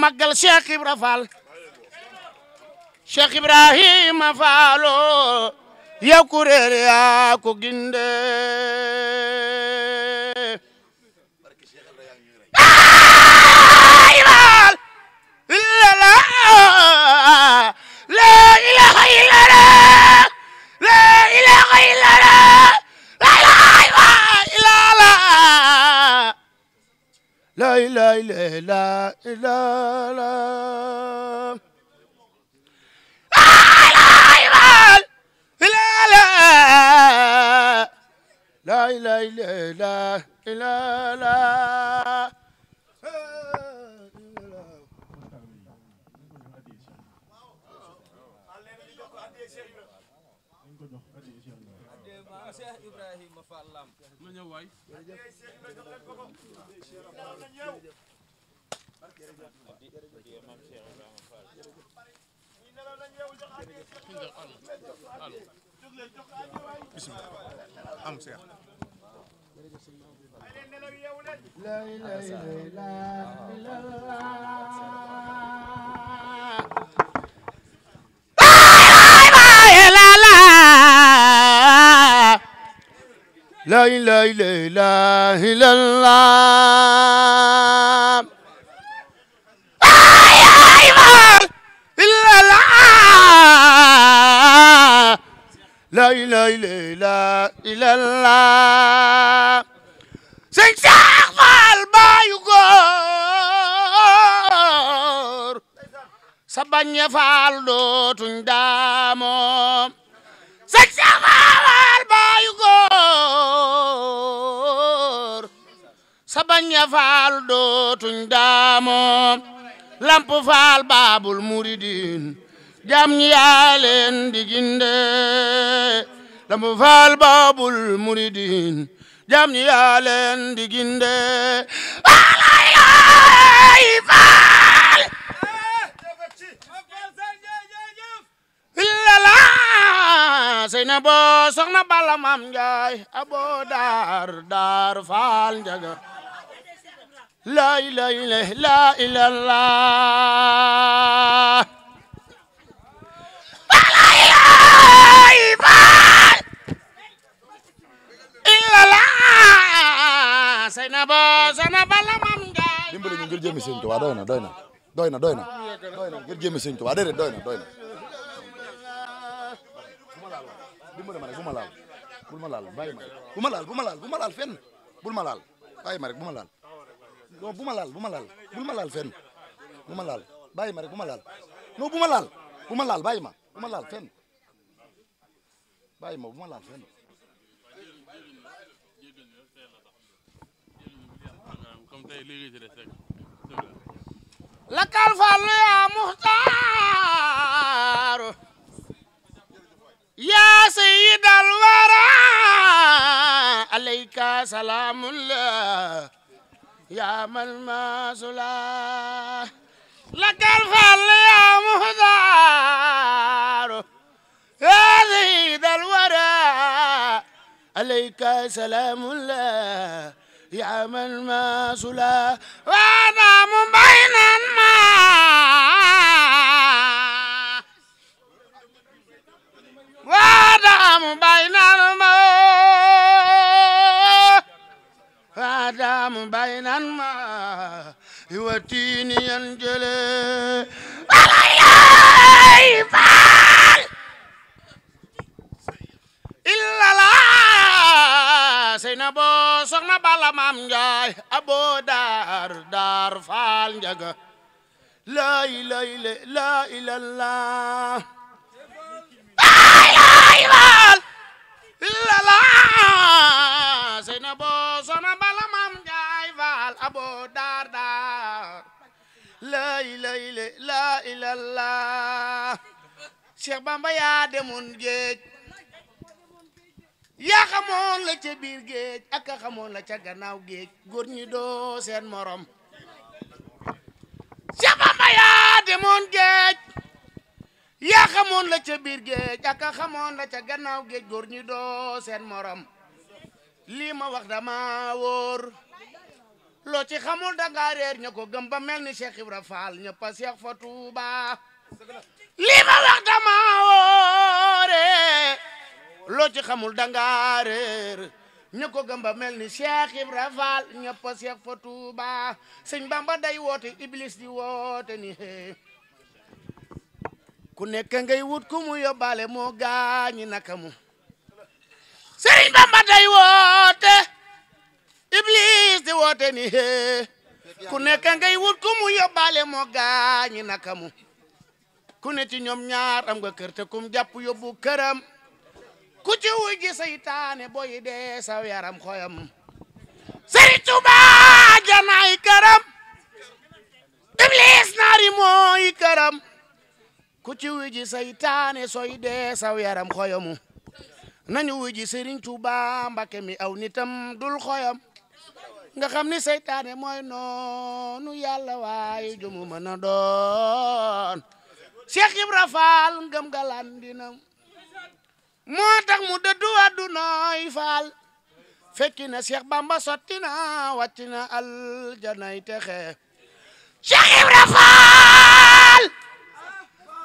màggal Cheikh Ibra Fall Cheikh Ibrahima Fallo yow ku réer yaa ko ginde la ilaha la ilaha illallah illallah la ilaha illallah illallah waaw Cheikh Ibrahima Fall Lamp ma ñëw waay bismillah am Cheikh la ilaha illallah لا إله إلا الله إلا الله لا إله إلا إلا الله سن شاخال ما يغور سبان يفعل دوتن دامو سن شاخال sa bañ a faal dootuñ daamoo lamp faal baabul muridin jam ñi di ginde lamp faal baabul muridin jam ñi di ginde walaay faal lala na boo soxna bala mam njaay abo daar daar faal njaga لا إله إلا لا إله الله Seynaba Seynaba la mam jaay dimbali ñu ngir jëmi sëñ Tuubaa doy na doy na doy na doy na doy na ngir jëmi sëñ Tuubaa déedéet doy na doy bu ma laal dimbali ma rek bu ma laal bul ma laal bu ma bu ma bu ma bu ma non bu ma laal bu ma laal bul ma laal fenn bu ma laal bàyyi ma rek bu ma laal non bu ma laal bu ma laal bàyyi ma bu ma laal fenn bàyyi ma bu ma laal fenn. lakal fallu yaa muxtaar yaa sayyidal wara alayka salaamullaah يا من ما سلا لك الفل يا مهدار يا زيد الورى عليك سلام الله يا من ما سلا وانا مبين ما وانا مبين ما ما دام بينا ما يوتيني ينجلي ولا يفعل إلا لا سينا بو سخنا بالا مام جاي أبو دار دار فال جاga لا إله إلا لا إله إلا الله la ilaha illallah illallah Cheikh Bamba yaa demoon géej la ca biir géej ak a la ca gannaaw géej góor ñi doo seen morom Cheikh Bamba la ca biir géej ak a ca gannaaw géej góor ñi doo seen morom lii ma wax dama wóor loo ci xamul danga réer ko gëm ba mel ni Cheikh Ibra Fall ñëpp a Cheikh fa Touba li wax dama woore loo ci xamul danga réer ña ko gëm ba mel ni Cheikh Ibra Fall ñëpp a Cheikh fa Touba sëñ Bamba day woote Iblis di woote ni hee ku nekk ngay wut ku mu yóbbaale moo gaañi naka mu sëriñ Bamba day woote ni hee ku nekk ngay wut ku mu yóbbaale moo gaañi naka mu ku ne ci ñoom ñaar am nga kër te kum jàpp yóbbu këram ku ci wuy saytaane boy dee saw yaram xoyam Sëriñ Tuuba janaay këram Iblis naari mooy këram ku ci wuy ji saytaane sooy dee saw yaram xoyamu nañu wuy ji Sëriñ Tuuba Mbàkke mi aw nitam dul xoyam nga xam ni seytaane mooy noonu yàlla waaye jumu mën a doon Cheikh Ibra Faal ngëm galandinam moo tax mu dëddu àddunay faal fekki na Cheikh Bamba sotti na wàcci aljanay texe Cheikh Ibra Faal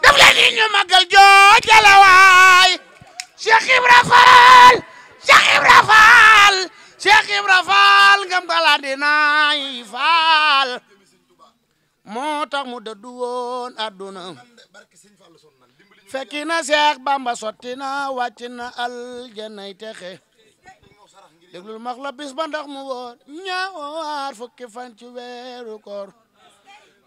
daf ni ñu magal jooja la waay Cheikh Ibra Faal Cheikh Ibra Faal Cheikh Ibra Faal ngam kala dinaay faal moo tax mu dëddu woon adduna fekki na Cheikh Bamba sotti na wàcc texe déglul max la ba ndax mu woor ñaar fukki fan weeru koor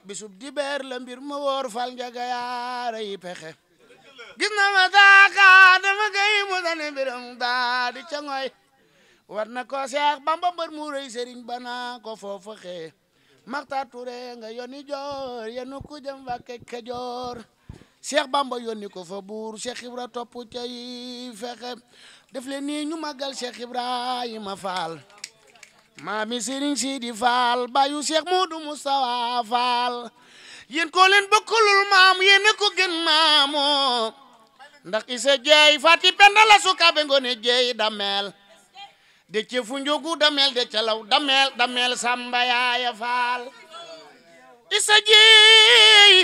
bisub dibeer la mbir mu woor fal njaga yaara yi pexe gis na ma daaka dama gay mu dane mbiram daa di ca ngoy war na ko Seex Bamba mbër mu rëy sëriñ bana ko foofu xee Maxtaar Ture nga yónni joor yenu ku jëm Mbàkke Kajoor Seex Bamba yónni ko fa buur Seex Ibra topp cay fexe def nii ñu màggal Seex Ibrahima Faal maami sëriñ Sidi Faal baayu Seex Muudu Mustafa Faal yéen koo leen bokkulul maam yéen ko gën maamoo ndax isa jeey fati pendala sukabe ngone jeey dameel de ce dameel de law dameel dameel samba yaaya faal isa jeey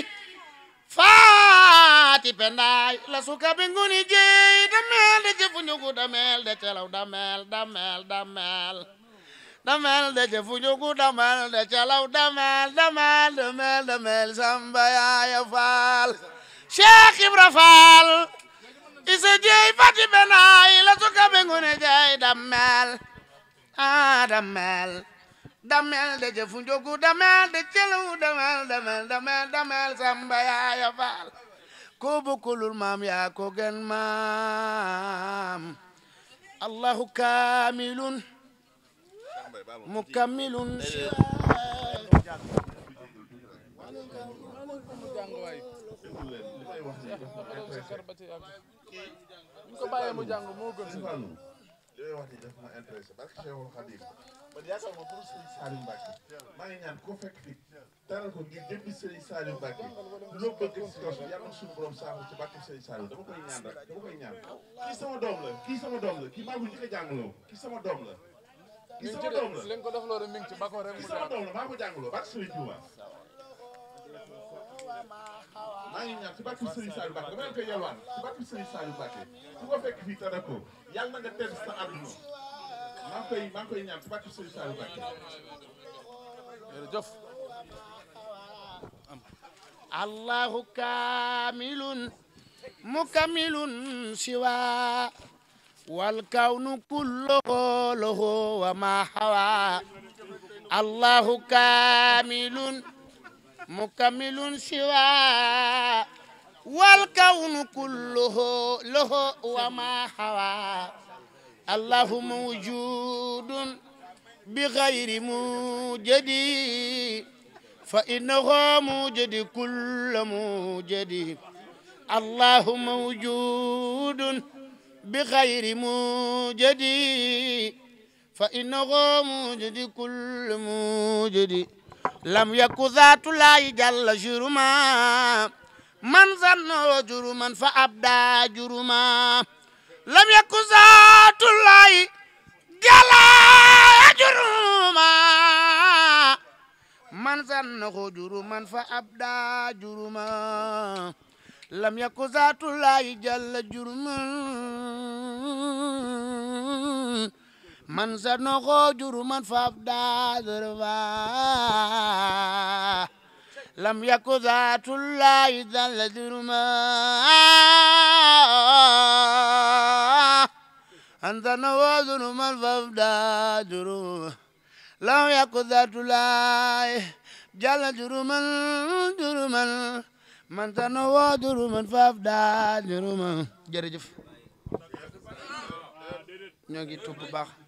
faati pendaay la suka be ngoni dameel de ce dameel de law dameel dameel dameel dameel dameel samba yaaya faal Cheikh Ibra Faal isa jeey faati pendaay damel ah damel damel de jëfu njogu damel de celu damel damel damel damel samba yaaya faal ko bokkulul maam yaa ko gën maam allahu kaamilun mukammilun ko bàyyee mu jàng moo gën wax ni daf ma intéressé parce que Cheikhul Khadim man yaakaar ma pour Serigne Saliou Mbacké maa ngi ñaan ko fekk fi teral ko ngir jëmmi Serigne Saliou Mbacké loo bëgg si kaw yàlla suñu borom saako ci bàkki Serigne Saliou dama koy ñaan rek dama koy ñaan kii sama doom la kii doom la kii maa ngi njëkk a jàngaloo kii sama doom la kii sama doom la li nga doom la maa ko jàngaloo bàkki Serigne Touba maa ngi ñaan ci barke Serigne Saliou Mbacké dama leen koy yalwaan ko fekk fii والكون كله له وما حوى الله موجود بغير موجد فإنه موجد كل موجد الله موجود بغير موجد فإنه موجد كل موجد لم يك ذات لا جل جرما man zanno juruman fa abda juruma lam yakku zaatullahi jala juruma man fa abda juruma lam yakku zaatullahi jalla juruma man zanno juruman fa abda juruma لم يك ذات الله إذا لدرما أنت نوازن من فبدا جروه لم يك ذات الله جل جرما جرما من تنوى جرما فبدا جرما jërëjëf ñoo ngi tuub bu baax